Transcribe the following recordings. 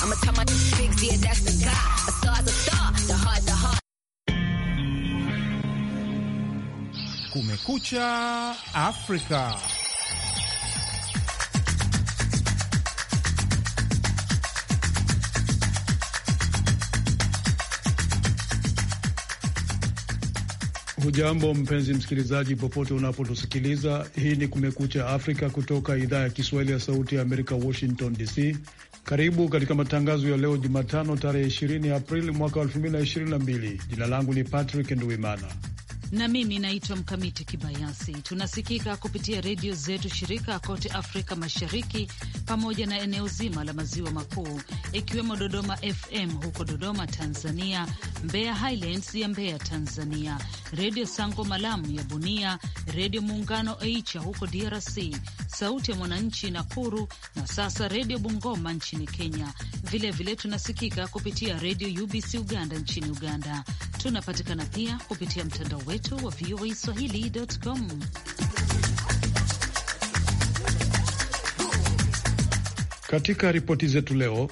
I'ma tell my big yeah, that's the guy. A star's a star, the heart, the heart. Kumekucha Afrika. Hujambo mpenzi msikilizaji, popote unapotusikiliza. Hii ni Kumekucha Afrika kutoka idhaa ya Kiswahili ya Sauti ya Amerika, Washington DC. Karibu katika matangazo ya leo Jumatano tarehe 20 Aprili mwaka 2022. Jina langu ni Patrick Nduimana na mimi naitwa Mkamiti Kibayasi. Tunasikika kupitia redio zetu shirika kote Afrika Mashariki pamoja na eneo zima la maziwa makuu, ikiwemo Dodoma FM huko Dodoma Tanzania, Mbeya Highlands ya Mbeya Tanzania, Redio Sango Malamu ya Bunia, Redio Muungano Eicha huko DRC, Sauti ya Mwananchi Nakuru na sasa Redio Bungoma nchini Kenya. Vilevile vile tunasikika kupitia Redio UBC Uganda nchini Uganda. Tunapatikana pia kupitia mtandao wetu wa VOA Swahili.com. Katika ripoti zetu leo,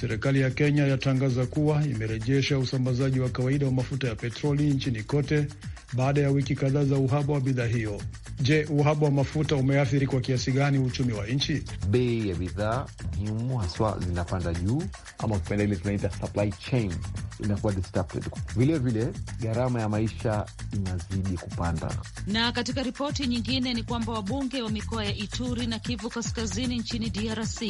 serikali ya Kenya yatangaza kuwa imerejesha usambazaji wa kawaida wa mafuta ya petroli nchini kote baada ya wiki kadhaa za uhaba wa bidhaa hiyo. Je, uhaba wa mafuta umeathiri kwa kiasi gani uchumi wa nchi? Bei ya bidhaa muhimu haswa zinapanda juu, ama ukipenda ile tunaita supply chain inakuwa disrupted. Vile vile gharama ya maisha inazidi kupanda. Na katika ripoti nyingine ni kwamba wabunge wa mikoa ya Ituri na Kivu Kaskazini nchini DRC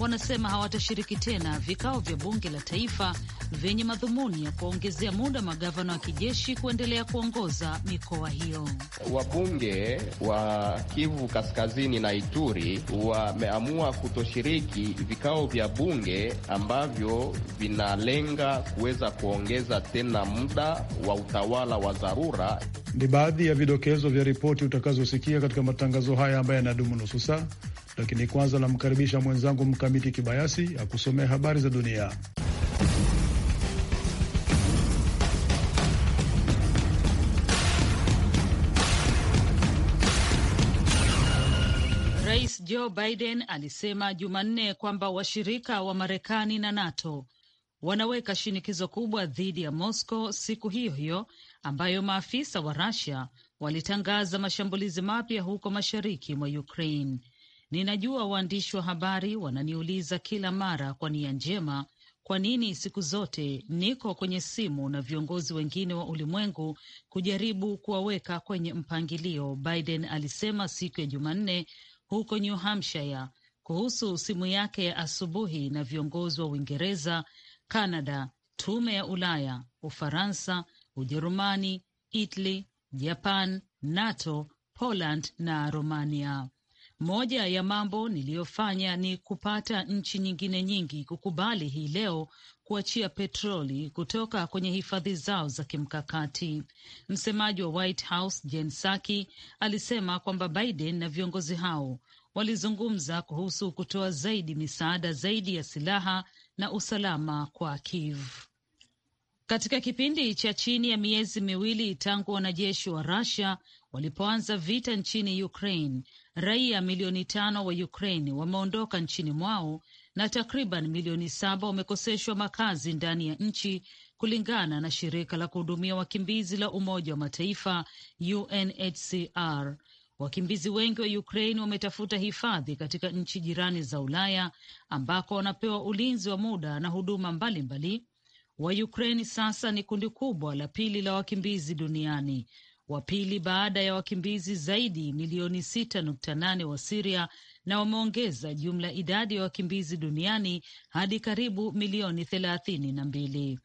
wanasema hawatashiriki tena vikao vya bunge la taifa vyenye madhumuni ya kuwaongezea muda magavana wa kijeshi kuendelea kuongoza mikoa hiyo. Wabunge wa Kivu Kaskazini na Ituri wameamua kutoshiriki vikao vya bunge ambavyo vinalenga kuweza kuweza kuongeza tena muda wa utawala wa dharura. Ni baadhi ya vidokezo vya ripoti utakazosikia katika matangazo haya ambayo yanadumu nusu saa, lakini kwanza namkaribisha mwenzangu Mkamiti Kibayasi akusomea habari za dunia. Rais Joe Biden alisema Jumanne kwamba washirika wa Marekani na NATO wanaweka shinikizo kubwa dhidi ya Moscow siku hiyo hiyo ambayo maafisa wa Russia walitangaza mashambulizi mapya huko mashariki mwa Ukraine. Ninajua waandishi wa habari wananiuliza kila mara kwa nia njema, kwa nini siku zote niko kwenye simu na viongozi wengine wa ulimwengu kujaribu kuwaweka kwenye mpangilio, Biden alisema siku ya Jumanne huko New Hampshire kuhusu simu yake ya asubuhi na viongozi wa Uingereza, Canada, Tume ya Ulaya, Ufaransa, Ujerumani, Italy, Japan, NATO, Poland na Romania. Moja ya mambo niliyofanya ni kupata nchi nyingine nyingi kukubali hii leo kuachia petroli kutoka kwenye hifadhi zao za kimkakati. Msemaji wa White House Jen Psaki alisema kwamba Biden na viongozi hao walizungumza kuhusu kutoa zaidi misaada zaidi ya silaha na usalama kwa Kiev. Katika kipindi cha chini ya miezi miwili tangu wanajeshi wa Russia walipoanza vita nchini Ukraine, raia milioni tano wa Ukraine wameondoka nchini mwao na takriban milioni saba wamekoseshwa makazi ndani ya nchi, kulingana na shirika la kuhudumia wakimbizi la Umoja wa Mataifa, UNHCR. Wakimbizi wengi wa Ukraine wametafuta hifadhi katika nchi jirani za Ulaya ambako wanapewa ulinzi wa muda na huduma mbalimbali. Wa Ukraine sasa ni kundi kubwa la pili la wakimbizi duniani, wa pili baada ya wakimbizi zaidi milioni 6.8 wa Siria, na wameongeza jumla idadi ya wakimbizi duniani hadi karibu milioni thelathini na mbili.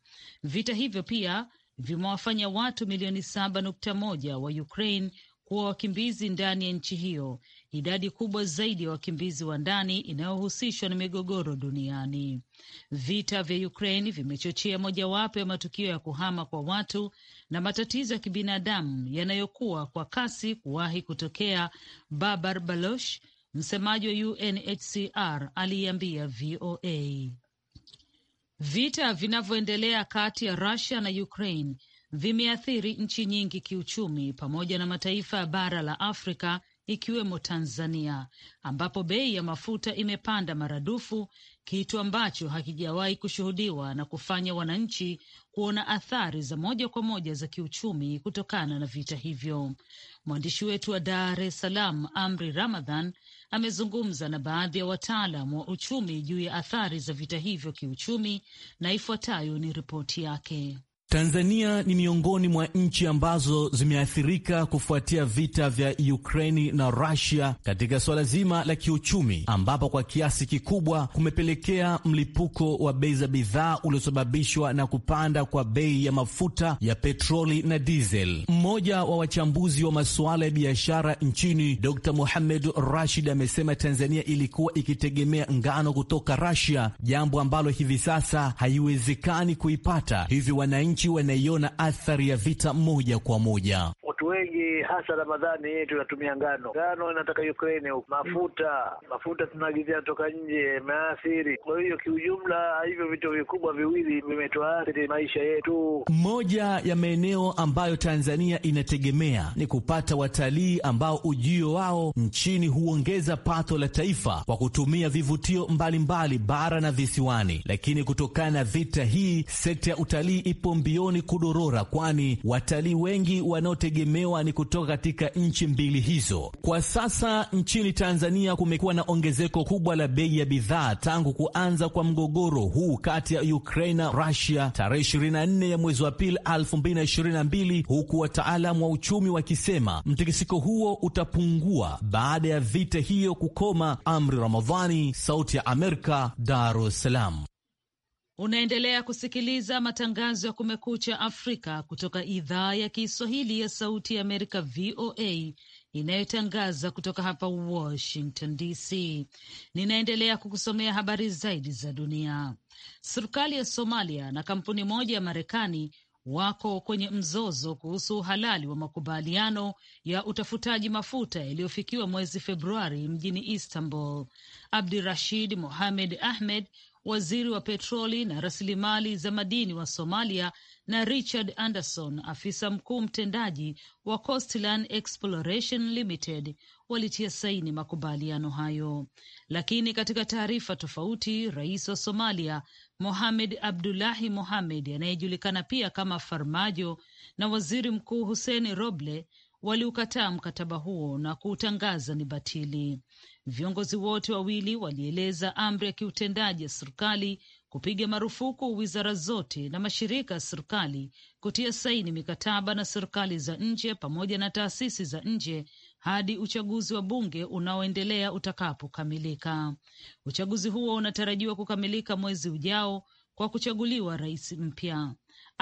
Vita hivyo pia vimewafanya watu milioni saba nukta moja wa Ukraine kuwa wakimbizi ndani ya nchi hiyo, idadi kubwa zaidi ya wakimbizi wa ndani inayohusishwa na migogoro duniani. Vita vya Ukraine vimechochea mojawapo ya matukio ya kuhama kwa watu na matatizo ya kibinadamu yanayokuwa kwa kasi kuwahi kutokea, Babar balosh msemaji wa UNHCR, aliiambia VOA. Vita vinavyoendelea kati ya Russia na Ukraine vimeathiri nchi nyingi kiuchumi pamoja na mataifa ya bara la Afrika ikiwemo Tanzania ambapo bei ya mafuta imepanda maradufu, kitu ambacho hakijawahi kushuhudiwa na kufanya wananchi kuona athari za moja kwa moja za kiuchumi kutokana na vita hivyo. Mwandishi wetu wa Dar es Salaam, Amri Ramadhan, amezungumza na baadhi ya wataalam wa uchumi juu ya athari za vita hivyo kiuchumi, na ifuatayo ni ripoti yake. Tanzania ni miongoni mwa nchi ambazo zimeathirika kufuatia vita vya Ukraini na Rusia katika suala zima la kiuchumi, ambapo kwa kiasi kikubwa kumepelekea mlipuko wa bei za bidhaa uliosababishwa na kupanda kwa bei ya mafuta ya petroli na dizel. Mmoja wa wachambuzi wa masuala ya biashara nchini, Dr muhamed Rashid, amesema Tanzania ilikuwa ikitegemea ngano kutoka Rusia, jambo ambalo hivi sasa haiwezekani kuipata, hivyo wananchi wananchi wanaiona athari ya vita moja kwa moja hasa Ramadhani hii tunatumia ngano. Ngano inataka Ukraine huku mafuta mafuta tunaagizia toka nje, imeathiri. Kwa hiyo kiujumla, hivyo vitu vikubwa viwili vimetuathiri maisha yetu. Moja ya maeneo ambayo Tanzania inategemea ni kupata watalii ambao ujio wao nchini huongeza pato la taifa kwa kutumia vivutio mbalimbali mbali bara na visiwani, lakini kutokana na vita hii sekta ya utalii ipo mbioni kudorora, kwani watalii wengi wanaotegemewa ni kutoka katika nchi mbili hizo. Kwa sasa nchini Tanzania kumekuwa na ongezeko kubwa la bei ya bidhaa tangu kuanza kwa mgogoro huu kati ya Ukraine na Russia tarehe 24 ya mwezi wa pili 2022, huku wataalamu wa uchumi wakisema mtikisiko huo utapungua baada ya vita hiyo kukoma. Amri Ramadhani, Sauti ya Amerika, Dar es Salaam. Unaendelea kusikiliza matangazo ya Kumekucha Afrika kutoka idhaa ya Kiswahili ya Sauti ya Amerika, VOA, inayotangaza kutoka hapa Washington DC. Ninaendelea kukusomea habari zaidi za dunia. Serikali ya Somalia na kampuni moja ya Marekani wako kwenye mzozo kuhusu uhalali wa makubaliano ya utafutaji mafuta yaliyofikiwa mwezi Februari mjini Istanbul. Abdirashid Mohamed Ahmed, waziri wa petroli na rasilimali za madini wa Somalia, na Richard Anderson, afisa mkuu mtendaji wa Coastline Exploration Limited walitia saini makubaliano hayo. Lakini katika taarifa tofauti, rais wa Somalia Mohamed Abdullahi Mohamed anayejulikana pia kama Farmajo na waziri mkuu Hussein Roble waliukataa mkataba huo na kuutangaza ni batili. Viongozi wote wawili walieleza amri ya kiutendaji ya serikali kupiga marufuku wizara zote na mashirika ya serikali kutia saini mikataba na serikali za nje pamoja na taasisi za nje hadi uchaguzi wa bunge unaoendelea utakapokamilika. Uchaguzi huo unatarajiwa kukamilika mwezi ujao kwa kuchaguliwa rais mpya.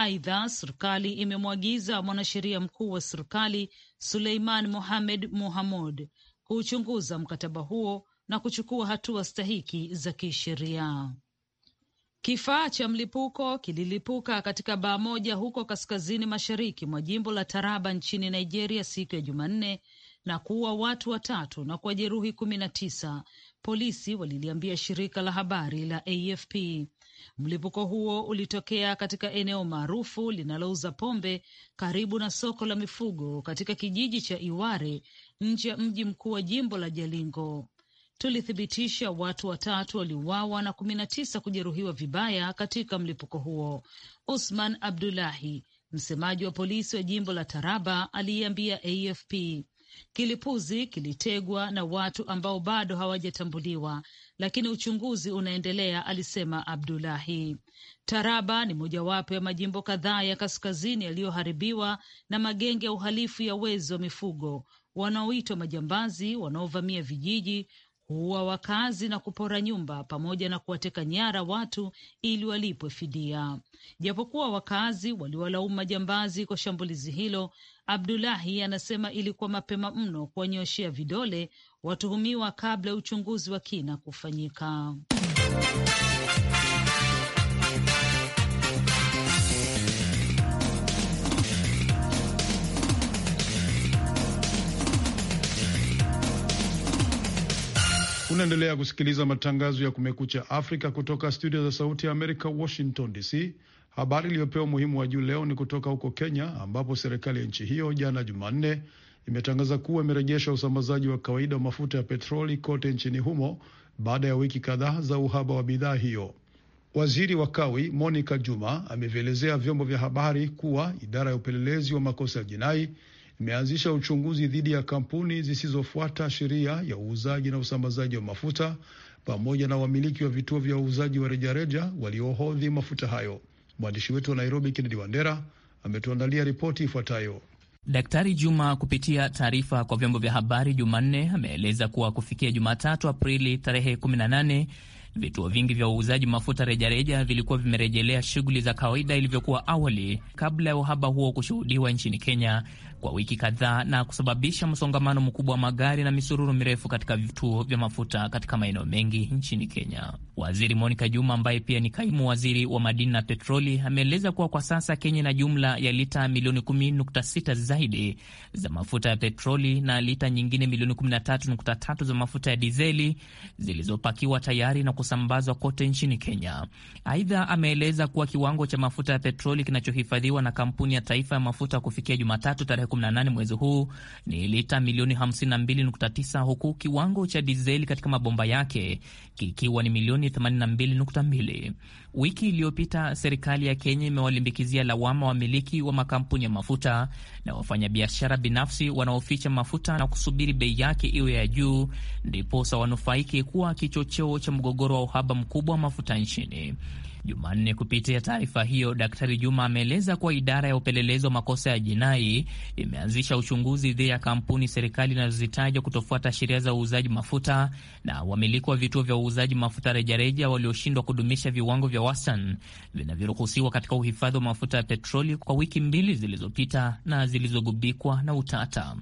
Aidha, serikali imemwagiza mwanasheria mkuu wa serikali Suleiman Mohamed Mohamud kuuchunguza mkataba huo na kuchukua hatua stahiki za kisheria. Kifaa cha mlipuko kililipuka katika baa moja huko kaskazini mashariki mwa jimbo la Taraba nchini Nigeria siku ya Jumanne na kuua watu watatu na kuwajeruhi kumi na tisa, polisi waliliambia shirika la habari la AFP. Mlipuko huo ulitokea katika eneo maarufu linalouza pombe karibu na soko la mifugo katika kijiji cha Iware nje ya mji mkuu wa jimbo la Jalingo. Tulithibitisha watu watatu waliuawa na kumi na tisa kujeruhiwa vibaya katika mlipuko huo. Usman Abdulahi, msemaji wa polisi wa jimbo la Taraba, aliiambia AFP kilipuzi kilitegwa na watu ambao bado hawajatambuliwa lakini uchunguzi unaendelea, alisema Abdulahi. Taraba ni mojawapo ya majimbo kadhaa ya kaskazini yaliyoharibiwa na magenge ya uhalifu ya wezi wa mifugo wanaoitwa majambazi, wanaovamia vijiji, kuua wakazi na kupora nyumba pamoja na kuwateka nyara watu ili walipwe fidia. Japokuwa wakazi waliwalaumu majambazi kwa shambulizi hilo, Abdulahi anasema ilikuwa mapema mno kuwanyoshea vidole watuhumiwa kabla ya uchunguzi wa kina kufanyika. Unaendelea kusikiliza matangazo ya Kumekucha Afrika kutoka studio za Sauti ya Amerika, Washington DC. Habari iliyopewa umuhimu wa juu leo ni kutoka huko Kenya, ambapo serikali ya nchi hiyo jana Jumanne imetangaza kuwa imerejesha usambazaji wa kawaida wa mafuta ya petroli kote nchini humo baada ya wiki kadhaa za uhaba wa bidhaa hiyo. Waziri wa Kawi Monica Juma amevielezea vyombo vya habari kuwa idara ya upelelezi wa makosa ya jinai imeanzisha uchunguzi dhidi ya kampuni zisizofuata sheria ya uuzaji na usambazaji wa mafuta pamoja na wamiliki wa vituo vya uuzaji wa rejareja waliohodhi mafuta hayo. Mwandishi wetu wa Nairobi, Kennedy Wandera, ametuandalia ripoti ifuatayo. Daktari Juma kupitia taarifa kwa vyombo vya habari Jumanne ameeleza kuwa kufikia Jumatatu Aprili tarehe 18 Vituo vingi vya uuzaji mafuta rejareja vilikuwa vimerejelea shughuli za kawaida ilivyokuwa awali kabla ya uhaba huo kushuhudiwa nchini Kenya kwa wiki kadhaa na kusababisha msongamano mkubwa wa magari na misururu mirefu katika vituo vya mafuta katika maeneo mengi nchini Kenya. Waziri Monica Juma ambaye pia ni kaimu waziri wa madini na petroli ameeleza kuwa kwa sasa Kenya ina jumla ya lita milioni 10.6 zaidi za mafuta ya petroli na lita nyingine milioni 13.3 za mafuta ya dizeli zilizopakiwa tayari na kusambazwa kote nchini Kenya. Aidha, ameeleza kuwa kiwango cha mafuta ya petroli kinachohifadhiwa na kampuni ya taifa ya mafuta kufikia Jumatatu tarehe 18 mwezi huu ni lita milioni 52.9 huku kiwango cha dizeli katika mabomba yake kikiwa ni milioni 82.2. Wiki iliyopita serikali ya Kenya imewalimbikizia lawama wamiliki wa makampuni ya mafuta na wafanyabiashara binafsi wanaoficha mafuta na kusubiri bei yake iwe ya juu ndiposa wanufaike kuwa kichocheo cha mgogoro wa uhaba mkubwa wa mafuta nchini. Jumanne. Kupitia taarifa hiyo, Daktari Juma ameeleza kuwa idara ya upelelezi wa makosa ya jinai imeanzisha uchunguzi dhidi ya kampuni serikali inazozitaja kutofuata sheria za uuzaji mafuta na wamiliki wa vituo vya uuzaji mafuta rejareja walioshindwa kudumisha viwango vya wastani vinavyoruhusiwa katika uhifadhi wa mafuta ya petroli kwa wiki mbili zilizopita na zilizogubikwa na utata.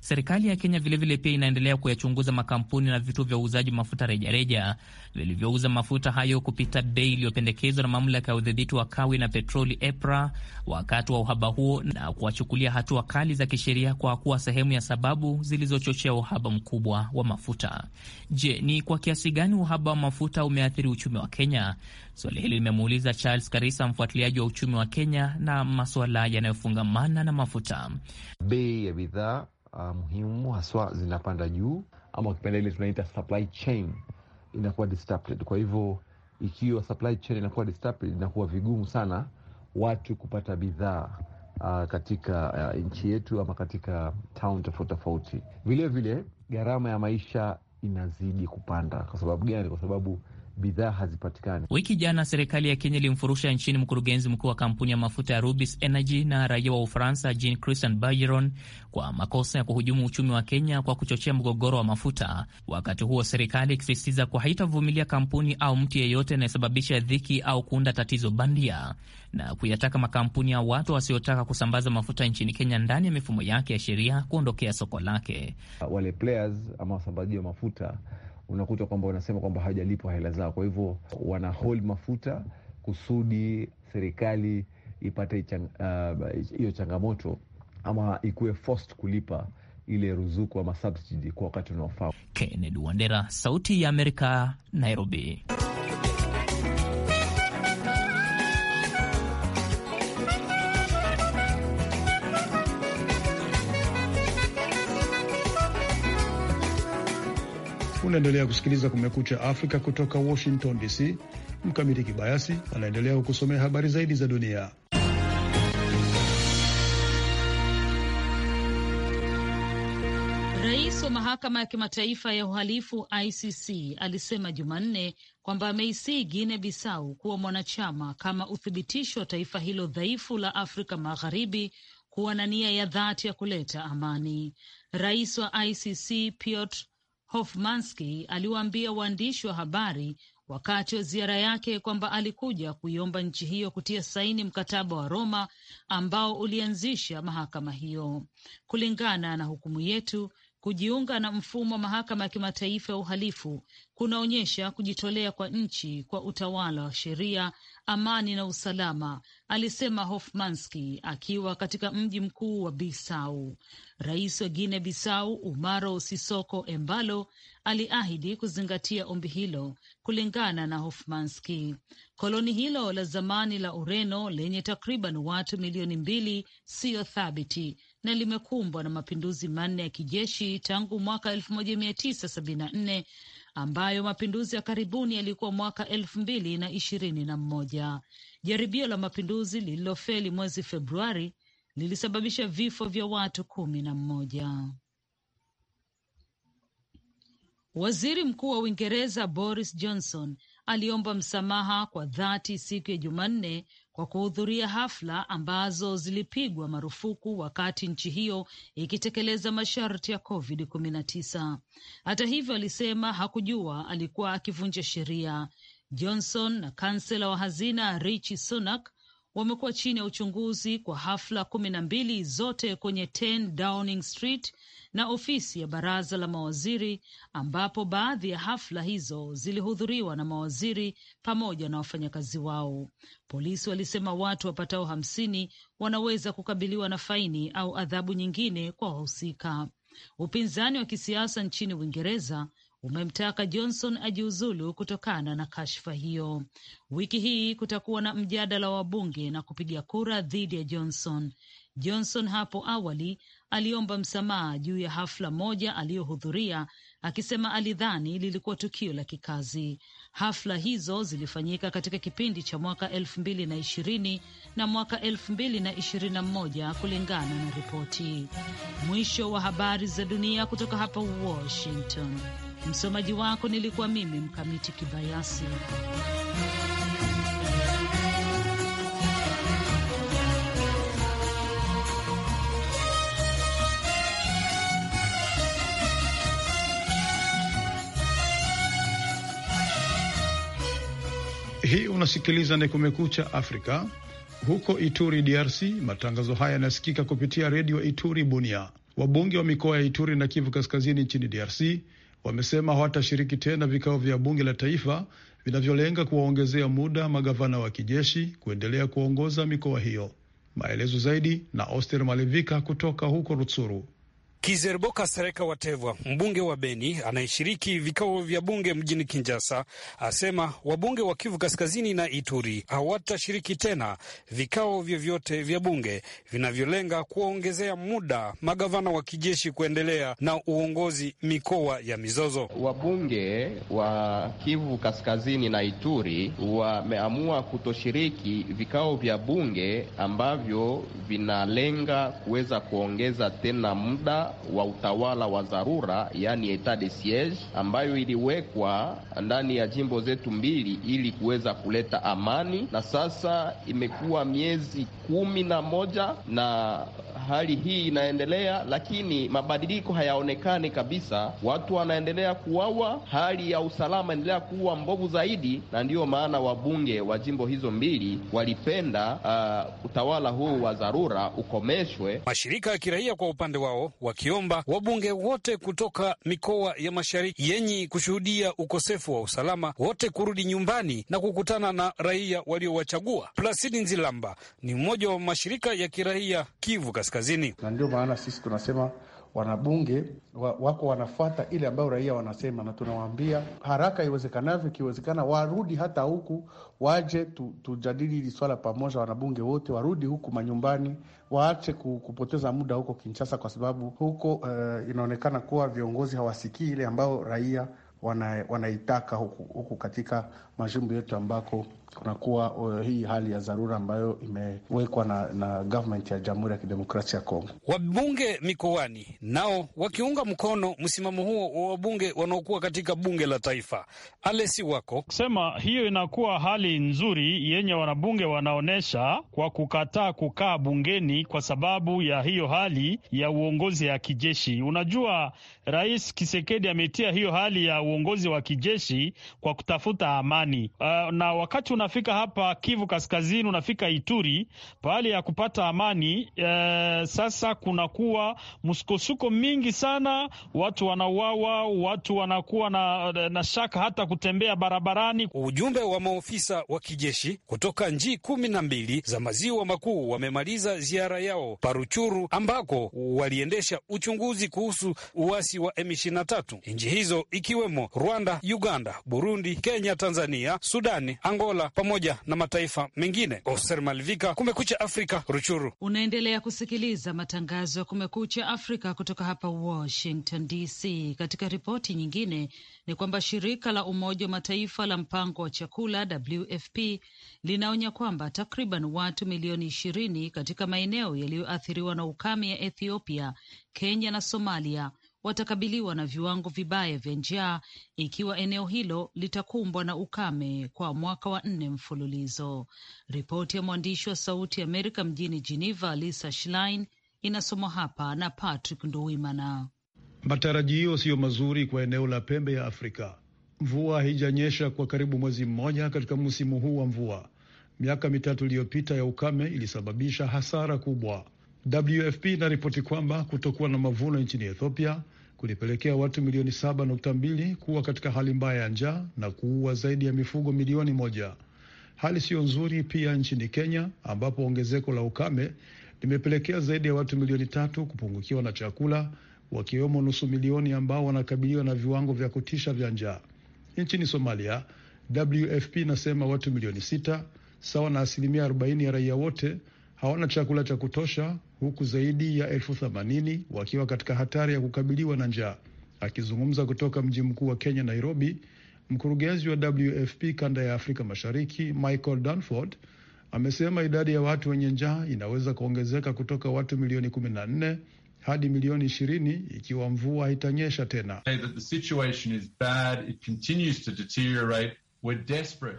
Serikali ya Kenya vilevile pia inaendelea kuyachunguza makampuni na vituo vya uuzaji mafuta rejareja vilivyouza mafuta hayo kupita bei iliyopendekezwa mapendekezo na mamlaka ya udhibiti wa kawi na petroli EPRA wakati wa uhaba huo na kuwachukulia hatua kali za kisheria kwa kuwa sehemu ya sababu zilizochochea uhaba mkubwa wa mafuta. Je, ni kwa kiasi gani uhaba wa mafuta umeathiri uchumi wa Kenya? Swali hili limemuuliza Charles Karisa, mfuatiliaji wa uchumi wa Kenya na maswala yanayofungamana na mafuta. Bei ya bidhaa ah, muhimu haswa zinapanda juu ama ukipenda ile tunaita supply chain inakuwa disrupted. Kwa hivyo ikiwa supply chain inakuwa disturbed, inakuwa vigumu sana watu kupata bidhaa uh, katika uh, nchi yetu ama katika town tofauti tofauti. Vilevile gharama ya maisha inazidi kupanda. Kwa sababu gani? Kwa sababu bidhaa hazipatikani. Wiki jana serikali ya Kenya ilimfurusha nchini mkurugenzi mkuu wa kampuni ya mafuta ya Rubis Energy na raia wa Ufaransa Jean Christian Bergeron kwa makosa ya kuhujumu uchumi wa Kenya kwa kuchochea mgogoro wa mafuta, wakati huo serikali ikisisitiza kuwa haitavumilia kampuni au mtu yeyote anayesababisha dhiki au kuunda tatizo bandia na kuyataka makampuni ya watu wasiotaka kusambaza mafuta nchini Kenya ndani ya mifumo yake ya sheria kuondokea soko lake. Wale players ama wasambazaji wa mafuta unakuta kwamba wanasema kwamba hawajalipwa hela zao, kwa hivyo wana hold mafuta kusudi serikali ipate uh, hiyo uh, changamoto ama ikuwe forced kulipa ile ruzuku ama subsidy kwa wakati unaofaa. Kennedy Wandera, Sauti ya Amerika, Nairobi. Unaendelea kusikiliza Kumekucha Afrika kutoka Washington DC. Mkamiti Kibayasi anaendelea kukusomea habari zaidi za dunia. Rais wa mahakama ya kimataifa ya uhalifu ICC alisema Jumanne kwamba ameisii Guine Bisau kuwa mwanachama kama uthibitisho wa taifa hilo dhaifu la Afrika Magharibi kuwa na nia ya dhati ya kuleta amani. Rais wa ICC Piotr Hofmanski aliwaambia waandishi wa habari wakati wa ziara yake kwamba alikuja kuiomba nchi hiyo kutia saini mkataba wa Roma ambao ulianzisha mahakama hiyo. Kulingana na hukumu yetu, Kujiunga na mfumo wa mahakama ya kimataifa ya uhalifu kunaonyesha kujitolea kwa nchi kwa utawala wa sheria, amani na usalama, alisema Hofmanski akiwa katika mji mkuu wa Bisau. Rais wa guine Bisau Umaro Sisoko Embalo aliahidi kuzingatia ombi hilo. Kulingana na Hofmanski, koloni hilo la zamani la Ureno lenye takriban watu milioni mbili siyo thabiti na limekumbwa na mapinduzi manne ya kijeshi tangu mwaka 1974 ambayo mapinduzi ya karibuni yalikuwa mwaka elfu na mmoja. Jaribio la mapinduzi lililofeli mwezi Februari lilisababisha vifo vya watu kumi na mmoja. Waziri Mkuu wa Uingereza Boris Johnson aliomba msamaha kwa dhati siku ya Jumanne kwa kuhudhuria hafla ambazo zilipigwa marufuku wakati nchi hiyo ikitekeleza masharti ya COVID-19. Hata hivyo, alisema hakujua alikuwa akivunja sheria. Johnson na kansela wa hazina Rishi Sunak wamekuwa chini ya uchunguzi kwa hafla kumi na mbili zote kwenye 10 Downing Street na ofisi ya baraza la mawaziri ambapo baadhi ya hafla hizo zilihudhuriwa na mawaziri pamoja na wafanyakazi wao. Polisi walisema watu wapatao hamsini wanaweza kukabiliwa na faini au adhabu nyingine kwa wahusika. Upinzani wa kisiasa nchini Uingereza umemtaka Johnson ajiuzulu kutokana na kashfa hiyo. Wiki hii kutakuwa na mjadala wa bunge na kupiga kura dhidi ya Johnson. Johnson hapo awali aliomba msamaha juu ya hafla moja aliyohudhuria akisema alidhani lilikuwa tukio la kikazi. Hafla hizo zilifanyika katika kipindi cha mwaka elfu mbili na ishirini na mwaka elfu mbili na ishirini na moja kulingana na ripoti. Mwisho wa habari za dunia kutoka hapa Washington. Msomaji wako nilikuwa mimi Mkamiti Kibayasi. Hii unasikiliza ni Kumekucha Afrika. Huko Ituri, DRC, matangazo haya yanasikika kupitia redio Ituri Bunia. Wabunge wa mikoa ya Ituri na Kivu Kaskazini nchini DRC wamesema hawatashiriki tena vikao vya bunge la taifa vinavyolenga kuwaongezea muda magavana wa kijeshi kuendelea kuongoza mikoa hiyo. Maelezo zaidi na Oster Malevika kutoka huko Rutsuru. Kizeriboka Sereka Watevwa, mbunge wa Beni anayeshiriki vikao vya bunge mjini kinjasa asema wabunge wa Kivu Kaskazini na Ituri hawatashiriki tena vikao vyovyote vya bunge vinavyolenga kuwaongezea muda magavana wa kijeshi kuendelea na uongozi mikoa ya mizozo. Wabunge wa Kivu Kaskazini na Ituri wameamua kutoshiriki vikao vya bunge ambavyo vinalenga kuweza kuongeza tena muda wa utawala wa dharura, yaani etat de siege, ambayo iliwekwa ndani ya jimbo zetu mbili ili kuweza kuleta amani, na sasa imekuwa miezi kumi na moja na hali hii inaendelea, lakini mabadiliko hayaonekani kabisa. Watu wanaendelea kuwawa, hali ya usalama endelea kuwa mbovu zaidi, na ndiyo maana wabunge wa jimbo hizo mbili walipenda uh, utawala huu wa dharura ukomeshwe. Mashirika ya kiraia kwa upande wao wakiomba wabunge wote kutoka mikoa ya mashariki yenye kushuhudia ukosefu wa usalama wote kurudi nyumbani na kukutana na raia waliowachagua. Plasidi Nzilamba ni mmoja wa mashirika ya kiraia Kivu Kaskazini. Kaskazini, na ndio maana sisi tunasema wanabunge wako wanafuata ile ambayo raia wanasema, na tunawaambia haraka iwezekanavyo, ikiwezekana warudi hata huku, waje tu, tujadili hili swala pamoja. Wanabunge wote warudi huku manyumbani, waache kupoteza muda huko Kinshasa, kwa sababu huko uh, inaonekana kuwa viongozi hawasikii ile ambayo raia wanaitaka wana huku, huku katika majimbo yetu ambako kunakuwa uh, hii hali ya dharura ambayo imewekwa na, na government ya Jamhuri ya Kidemokrasia ya Kongo. Wabunge mikoani nao wakiunga mkono msimamo huo wa wabunge wanaokuwa katika bunge la taifa. Alesi wako kusema hiyo inakuwa hali nzuri yenye wanabunge wanaonyesha kwa kukataa kukaa bungeni kwa sababu ya hiyo hali ya uongozi ya kijeshi. Unajua, Rais Kisekedi ametia hiyo hali ya uongozi wa kijeshi kwa kutafuta amani uh, na wakati una unafika hapa Kivu Kaskazini, unafika Ituri, pale ya kupata amani e, sasa kunakuwa msukosuko mingi sana, watu wanauawa, watu wanakuwa na, na shaka hata kutembea barabarani. Ujumbe wa maofisa wa kijeshi kutoka njii kumi na mbili za maziwa makuu wamemaliza ziara yao Paruchuru ambako waliendesha uchunguzi kuhusu uasi wa M23. Nchi hizo ikiwemo Rwanda, Uganda, Burundi, Kenya, Tanzania, Sudani, Angola, pamoja na mataifa mengine. Oser Malvika, Kumekucha Afrika, Ruchuru. Unaendelea kusikiliza matangazo ya Kumekucha Afrika kutoka hapa Washington DC. Katika ripoti nyingine ni kwamba shirika la Umoja wa Mataifa la mpango wa chakula WFP linaonya kwamba takriban watu milioni ishirini katika maeneo yaliyoathiriwa na ukame ya Ethiopia, Kenya na Somalia watakabiliwa na viwango vibaya vya njaa ikiwa eneo hilo litakumbwa na ukame kwa mwaka wa nne mfululizo. Ripoti ya mwandishi wa Sauti ya Amerika mjini Geneva, Lisa Schlein, inasomwa hapa na Patrick Nduwimana. Matarajio siyo mazuri kwa eneo la pembe ya Afrika. Mvua haijanyesha kwa karibu mwezi mmoja katika msimu huu wa mvua. Miaka mitatu iliyopita ya ukame ilisababisha hasara kubwa. WFP inaripoti kwamba kutokuwa na mavuno nchini Ethiopia kulipelekea watu milioni 7.2 kuwa katika hali mbaya ya njaa na kuua zaidi ya mifugo milioni moja. Hali siyo nzuri pia nchini Kenya ambapo ongezeko la ukame limepelekea zaidi ya watu milioni tatu kupungukiwa na chakula, wakiwemo nusu milioni ambao wanakabiliwa na viwango vya kutisha vya njaa. Nchini Somalia, WFP inasema watu milioni sita sawa na asilimia 40 ya raia wote hawana chakula cha kutosha, huku zaidi ya elfu themanini wakiwa katika hatari ya kukabiliwa na njaa. Akizungumza kutoka mji mkuu wa Kenya, Nairobi, mkurugenzi wa WFP kanda ya Afrika Mashariki Michael dunford amesema idadi ya watu wenye njaa inaweza kuongezeka kutoka watu milioni 14 hadi milioni 20 ikiwa mvua haitanyesha tena. The situation is bad. It continues to deteriorate.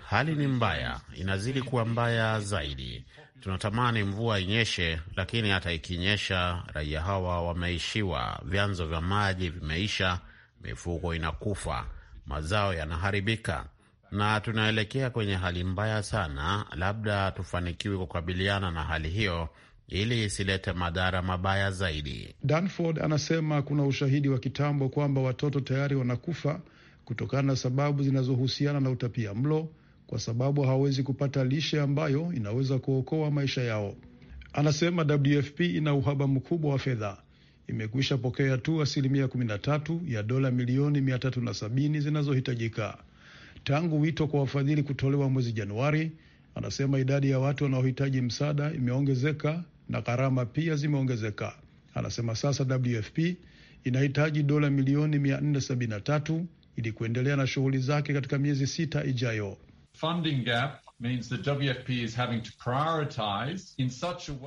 Hali ni mbaya, inazidi kuwa mbaya zaidi. Tunatamani mvua inyeshe, lakini hata ikinyesha, raia hawa wameishiwa. Vyanzo vya maji vimeisha, mifugo inakufa, mazao yanaharibika, na tunaelekea kwenye hali mbaya sana. Labda tufanikiwe kukabiliana na hali hiyo ili isilete madhara mabaya zaidi. Danford anasema kuna ushahidi wa kitambo kwamba watoto tayari wanakufa kutokana na sababu zinazohusiana na utapia mlo, kwa sababu hawawezi kupata lishe ambayo inaweza kuokoa maisha yao. Anasema WFP ina uhaba mkubwa wa fedha, imekwisha pokea tu asilimia 13 ya dola milioni 370 zinazohitajika tangu wito kwa wafadhili kutolewa mwezi Januari. Anasema idadi ya watu wanaohitaji msaada imeongezeka na gharama pia zimeongezeka. Anasema sasa WFP inahitaji dola milioni 473 ili kuendelea na shughuli zake katika miezi sita ijayo.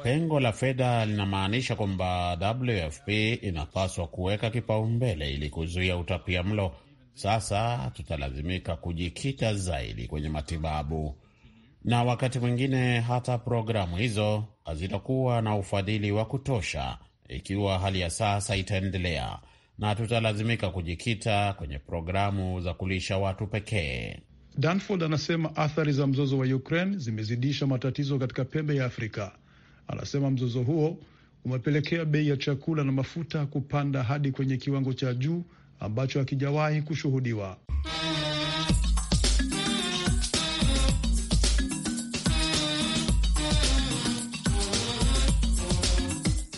Pengo la fedha linamaanisha kwamba WFP inapaswa kuweka kipaumbele ili kuzuia utapia mlo Sasa tutalazimika kujikita zaidi kwenye matibabu, na wakati mwingine hata programu hizo hazitakuwa na ufadhili wa kutosha ikiwa hali ya sasa itaendelea na tutalazimika kujikita kwenye programu za kulisha watu pekee. Danford anasema athari za mzozo wa Ukraine zimezidisha matatizo katika pembe ya Afrika. Anasema mzozo huo umepelekea bei ya chakula na mafuta kupanda hadi kwenye kiwango cha juu ambacho hakijawahi kushuhudiwa.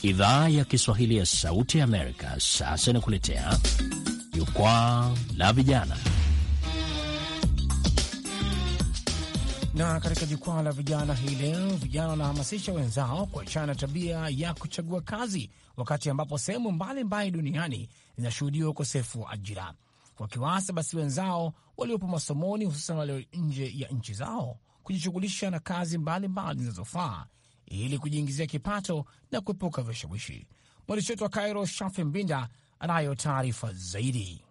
Idhaa ya Kiswahili ya Sauti ya Amerika sasa inakuletea jukwaa la vijana, na katika jukwaa la vijana hii leo, vijana wanahamasisha wenzao kuachana na tabia ya kuchagua kazi, wakati ambapo sehemu mbalimbali duniani zinashuhudiwa ukosefu wa ajira, wakiwasa basi wenzao waliopo masomoni, hususan walio nje ya nchi zao kujishughulisha na kazi mbalimbali zinazofaa ili kujiingizia kipato na kuepuka vishawishi. Mwandishi wetu wa Cairo, Shafi Mbinda, anayo taarifa zaidi.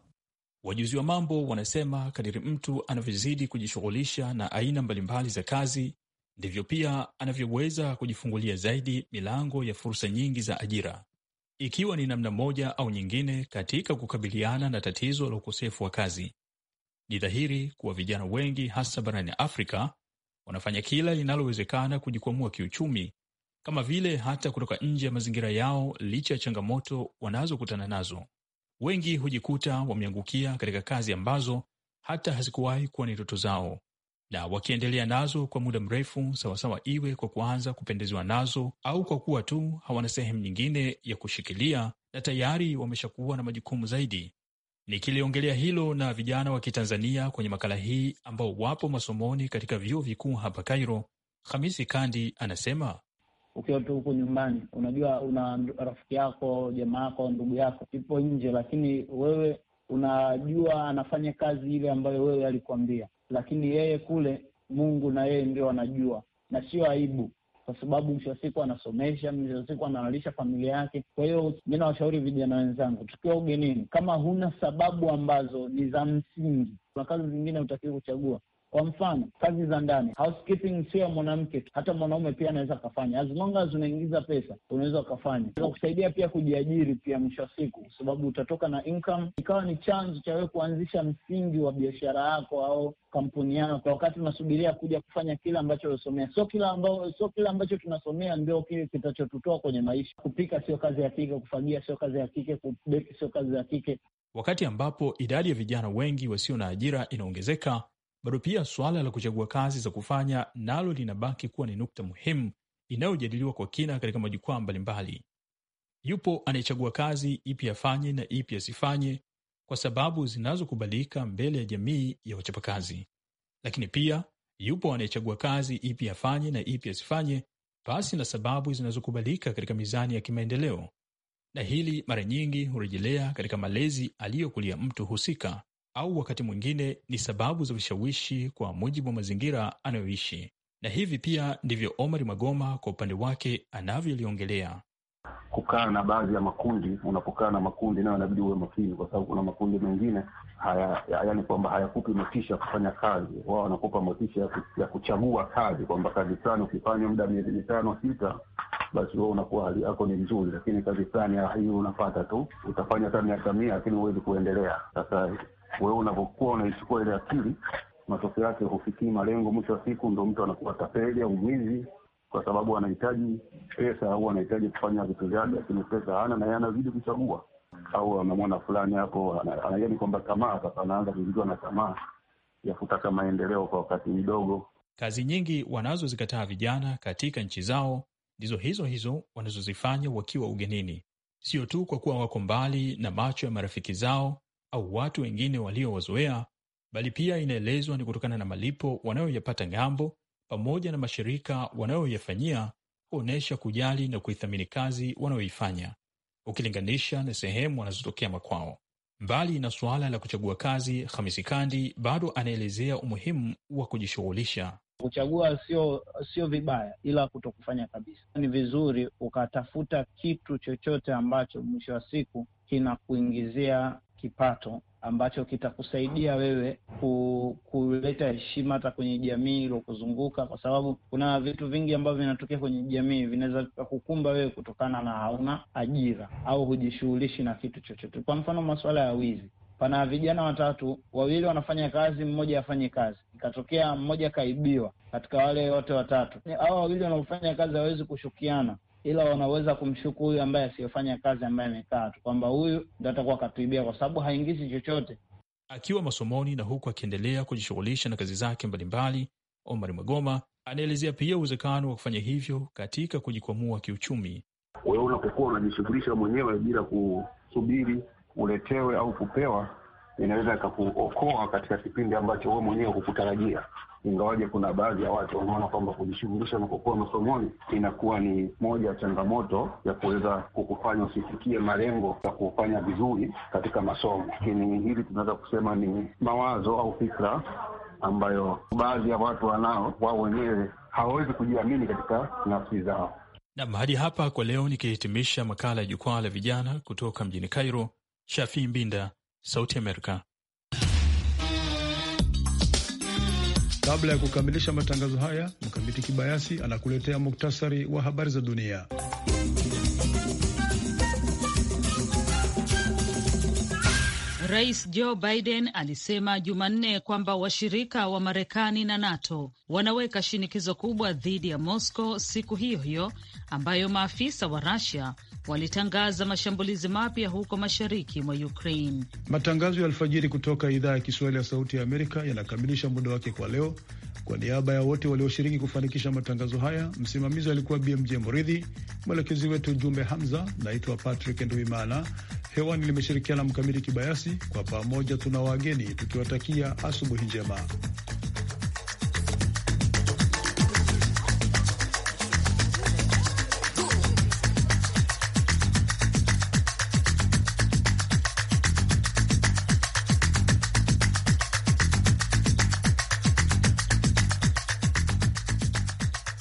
Wajuzi wa mambo wanasema kadiri mtu anavyozidi kujishughulisha na aina mbalimbali za kazi ndivyo pia anavyoweza kujifungulia zaidi milango ya fursa nyingi za ajira, ikiwa ni namna moja au nyingine katika kukabiliana na tatizo la ukosefu wa kazi. Ni dhahiri kuwa vijana wengi hasa barani Afrika wanafanya kila linalowezekana kujikwamua kiuchumi, kama vile hata kutoka nje ya mazingira yao, licha ya changamoto wanazokutana nazo. Wengi hujikuta wameangukia katika kazi ambazo hata hazikuwahi kuwa ni ndoto zao, na wakiendelea nazo kwa muda mrefu, sawasawa, iwe kwa kuanza kupendezewa nazo au kwa kuwa tu hawana sehemu nyingine ya kushikilia na tayari wameshakuwa na majukumu zaidi. Nikiliongelea hilo na vijana wa Kitanzania kwenye makala hii ambao wapo masomoni katika vyuo vikuu hapa Cairo, Hamisi Kandi anasema ukiwa tu huku nyumbani, unajua una rafiki yako, jamaa yako, ndugu yako ipo nje, lakini wewe unajua anafanya kazi ile ambayo wewe alikuambia, lakini yeye kule Mungu na yeye ndio anajua, na sio aibu kwa sababu mwisho wa siku anasomesha, mwisho wa siku anawalisha familia yake. Kwa hiyo mi nawashauri vijana wenzangu, tukiwa ugenini, kama huna sababu ambazo ni za msingi, kuna kazi zingine utakiwe kuchagua kwa mfano kazi za ndani, housekeeping sio ya mwanamke hata mwanaume pia anaweza akafanya, as long as unaingiza pesa unaweza ukafanya. Kusaidia pia kujiajiri pia mwisho wa siku, kwa sababu utatoka na income, ikawa ni chanzo cha wewe kuanzisha msingi wa biashara yako au kampuni yako, wakati unasubiria kuja kufanya kile ambacho ulisomea. Sio kila ambao, sio kile ambacho tunasomea ndio kile kitachotutoa kwenye maisha. Kupika sio kazi ya kike, kufagia sio kazi ya kike, kubeki sio kazi ya kike. Wakati ambapo idadi ya vijana wengi wasio na ajira inaongezeka, bado pia suala la kuchagua kazi za kufanya nalo linabaki kuwa ni nukta muhimu inayojadiliwa kwa kina katika majukwaa mbalimbali. Yupo anayechagua kazi ipi afanye na ipi asifanye kwa sababu zinazokubalika mbele ya jamii ya wachapakazi, lakini pia yupo anayechagua kazi ipi afanye na ipi asifanye pasi na sababu zinazokubalika katika mizani ya kimaendeleo, na hili mara nyingi hurejelea katika malezi aliyokulia mtu husika au wakati mwingine ni sababu za ushawishi, kwa mujibu wa mazingira anayoishi. Na hivi pia ndivyo Omari Magoma kwa upande wake anavyoliongelea kukaa na baadhi ya makundi. Unapokaa na makundi, nayo inabidi uwe makini, kwa sababu kuna makundi mengine haya, yaani kwamba hayakupi motisha kufanya kazi. Wao wanakupa motisha ya kuchagua kazi, kwamba kazi fulani ukifanya muda miezi mitano sita, basi wewe unakuwa hali yako ni nzuri, lakini kazi fulani hiyo unapata tu, utafanya hata miaka mia, lakini huwezi kuendelea. Sasa wewe unavyokuwa unaichukua ile akili, matokeo yake hufikii malengo. Mwisho wa siku ndo mtu anakuwa tapeli au mwizi, kwa sababu anahitaji pesa au anahitaji kufanya vitu vyake, lakini pesa hana, na anazidi kuchagua au amemwona fulani hapo, anayani kwamba tamaa sasa, anaanza kuingiwa na tamaa ya kutaka maendeleo kwa wakati mdogo. Kazi nyingi wanazozikataa vijana katika nchi zao ndizo hizo hizo wanazozifanya wakiwa ugenini, sio tu kwa kuwa wako mbali na macho ya marafiki zao, au watu wengine waliowazoea, bali pia inaelezwa ni kutokana na malipo wanayoyapata ng'ambo pamoja na mashirika wanayoyafanyia kuonyesha kujali na kuithamini kazi wanayoifanya ukilinganisha na sehemu wanazotokea makwao. Mbali na suala la kuchagua kazi, Hamisi Kandi bado anaelezea umuhimu wa kujishughulisha. Kuchagua sio sio vibaya, ila kutokufanya kabisa. Ni vizuri ukatafuta kitu chochote ambacho mwisho wa siku kinakuingizia kipato ambacho kitakusaidia wewe ku, kuleta heshima hata kwenye jamii iliokuzunguka, kwa sababu kuna vitu vingi ambavyo vinatokea kwenye jamii vinaweza vikakukumba wewe kutokana na hauna ajira au hujishughulishi na kitu chochote. Kwa mfano, masuala ya wizi pana vijana watatu, wawili wanafanya kazi, mmoja afanye kazi, ikatokea mmoja kaibiwa katika wale wote watatu. Hao wawili wanaofanya kazi hawawezi kushukiana, ila wanaweza kumshuku huyu ambaye asiyofanya kazi, ambaye amekaa tu, kwamba huyu ndo atakuwa akatuibia, kwa sababu haingizi chochote akiwa masomoni na huku akiendelea kujishughulisha na kazi zake mbalimbali. Omar Mwegoma anaelezea pia uwezekano wa kufanya hivyo katika kujikwamua kiuchumi. Wewe unapokuwa unajishughulisha mwenyewe bila kusubiri uletewe au kupewa, inaweza ikakuokoa katika kipindi ambacho wewe mwenyewe hukutarajia ingawaje kuna baadhi ya watu wanaona kwamba kujishughulisha na kukua masomoni inakuwa ni moja ya changamoto ya kuweza kukufanya usifikie malengo ya kufanya vizuri katika masomo, lakini hili tunaweza kusema ni mawazo au fikra ambayo baadhi ya watu wanao wao wenyewe hawawezi kujiamini katika nafsi zao. Nam, hadi hapa kwa leo, nikihitimisha makala ya jukwaa la vijana kutoka mjini Cairo, Shafii Mbinda, Sauti Amerika. Kabla ya kukamilisha matangazo haya, Mkamiti Kibayasi anakuletea muktasari wa habari za dunia. Rais Joe Biden alisema Jumanne kwamba washirika wa Marekani na NATO wanaweka shinikizo kubwa dhidi ya Moscow siku hiyo hiyo ambayo maafisa wa Rusia walitangaza mashambulizi mapya huko mashariki mwa Ukraine. Matangazo ya alfajiri kutoka idhaa ya Kiswahili ya Sauti ya Amerika yanakamilisha muda wake kwa leo. Kwa niaba ya wote walioshiriki kufanikisha matangazo haya, msimamizi alikuwa BMJ Mridhi, mwelekezi wetu Jumbe Hamza. Naitwa Patrick Nduimana, hewani limeshirikiana mkamiti Kibayasi. Kwa pamoja tuna wageni tukiwatakia asubuhi njema.